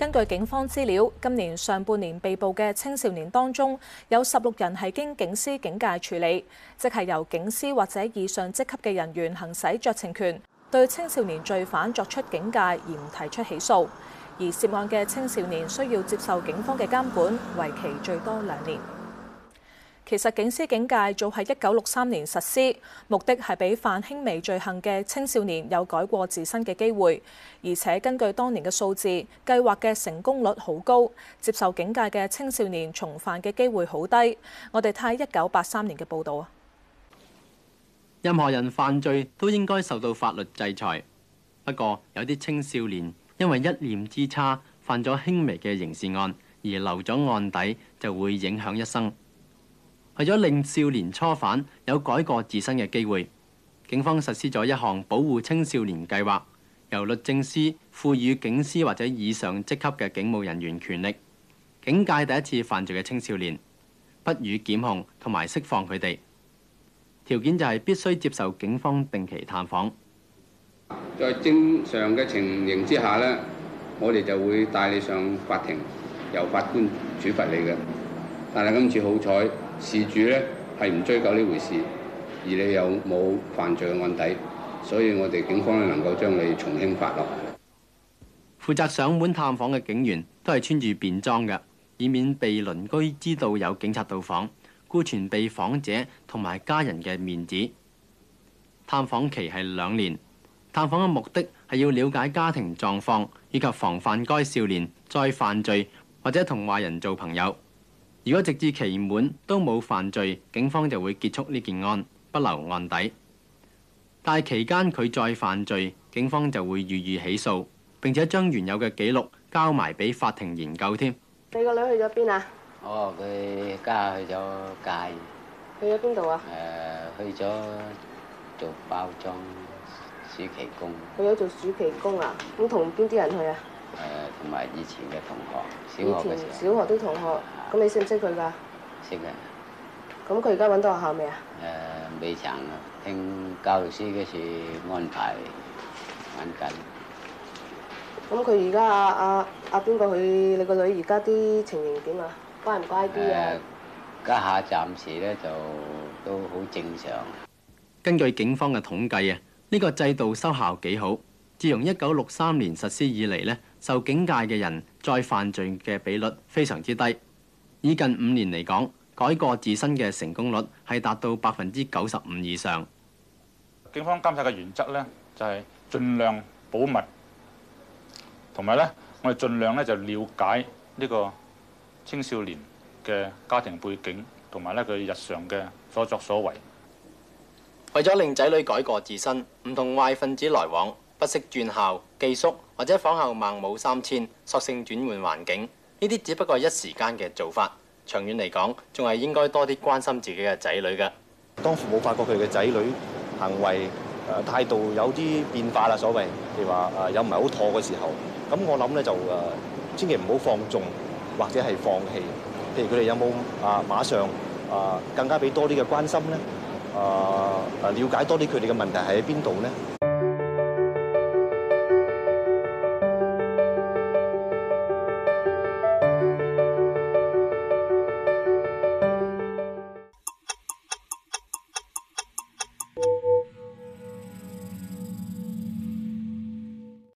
根據警方資料，今年上半年被捕嘅青少年當中有十六人係經警司警誡處理，即係由警司或者以上職級嘅人員行使酌情權，對青少年罪犯作出警誡而唔提出起訴。而涉案嘅青少年需要接受警方嘅監管，為期最多兩年。其實警司警誡早喺一九六三年實施，目的係俾犯輕微罪行嘅青少年有改過自身嘅機會。而且根據當年嘅數字，計劃嘅成功率好高，接受警誡嘅青少年重犯嘅機會好低。我哋睇一九八三年嘅報道啊。任何人犯罪都應該受到法律制裁。不過有啲青少年因為一念之差犯咗輕微嘅刑事案而留咗案底，就會影響一生。為咗令少年初犯有改過自身嘅機會，警方實施咗一項保護青少年計劃，由律政司賦予警司或者以上職級嘅警務人員權力，警戒，第一次犯罪嘅青少年，不予檢控同埋釋放佢哋，條件就係必須接受警方定期探訪。在正常嘅情形之下呢，我哋就會帶你上法庭，由法官處罰你嘅。但係今次好彩。事主呢，係唔追究呢回事，而你又冇犯罪嘅案底，所以我哋警方呢能夠將你從輕發落。負責上門探訪嘅警員都係穿住便裝嘅，以免被鄰居知道有警察到訪，顧全被訪者同埋家人嘅面子。探訪期係兩年，探訪嘅目的係要了解家庭狀況，以及防範該少年再犯罪或者同壞人做朋友。如果直至期滿都冇犯罪，警方就會結束呢件案，不留案底。但係期間佢再犯罪，警方就會予以起訴，並且將原有嘅記錄交埋俾法庭研究添。你個女去咗邊啊？哦，佢家下去咗街。去咗邊度啊？誒、呃，去咗做包裝暑期工。去咗做暑期工啊？咁同邊啲人去啊？同、呃、埋以前嘅同學，小學嘅時候。以前小學啲同學。咁你識唔識佢㗎？識啊！咁佢而家揾到學校未啊？誒未長啊，聽教導師嘅事安排揾緊。咁佢而家啊啊啊邊個？佢你個女而家啲情形點啊？乖唔乖啲啊？家下暫時呢就都好正常。根據警方嘅統計啊，呢個制度收效幾好。自從一九六三年實施以嚟呢，受警戒嘅人再犯罪嘅比率非常之低。以近五年嚟講，改過自身嘅成功率係達到百分之九十五以上。警方監察嘅原則呢，就係盡量保密，同埋呢，我哋盡量呢就瞭解呢個青少年嘅家庭背景，同埋呢佢日常嘅所作所為。為咗令仔女改過自身，唔同壞分子來往，不惜轉校寄宿，或者仿效孟母三遷，索性轉換環境。呢啲只不過係一時間嘅做法，長遠嚟講，仲係應該多啲關心自己嘅仔女嘅。當父母發覺佢嘅仔女行為誒，態度有啲變化啦，所謂譬如話誒，有唔係好妥嘅時候，咁我諗咧就，誒千祈唔好放縱或者係放棄。譬如佢哋有冇啊，馬上啊，更加俾多啲嘅關心咧？啊，啊了解多啲佢哋嘅問題喺邊度咧？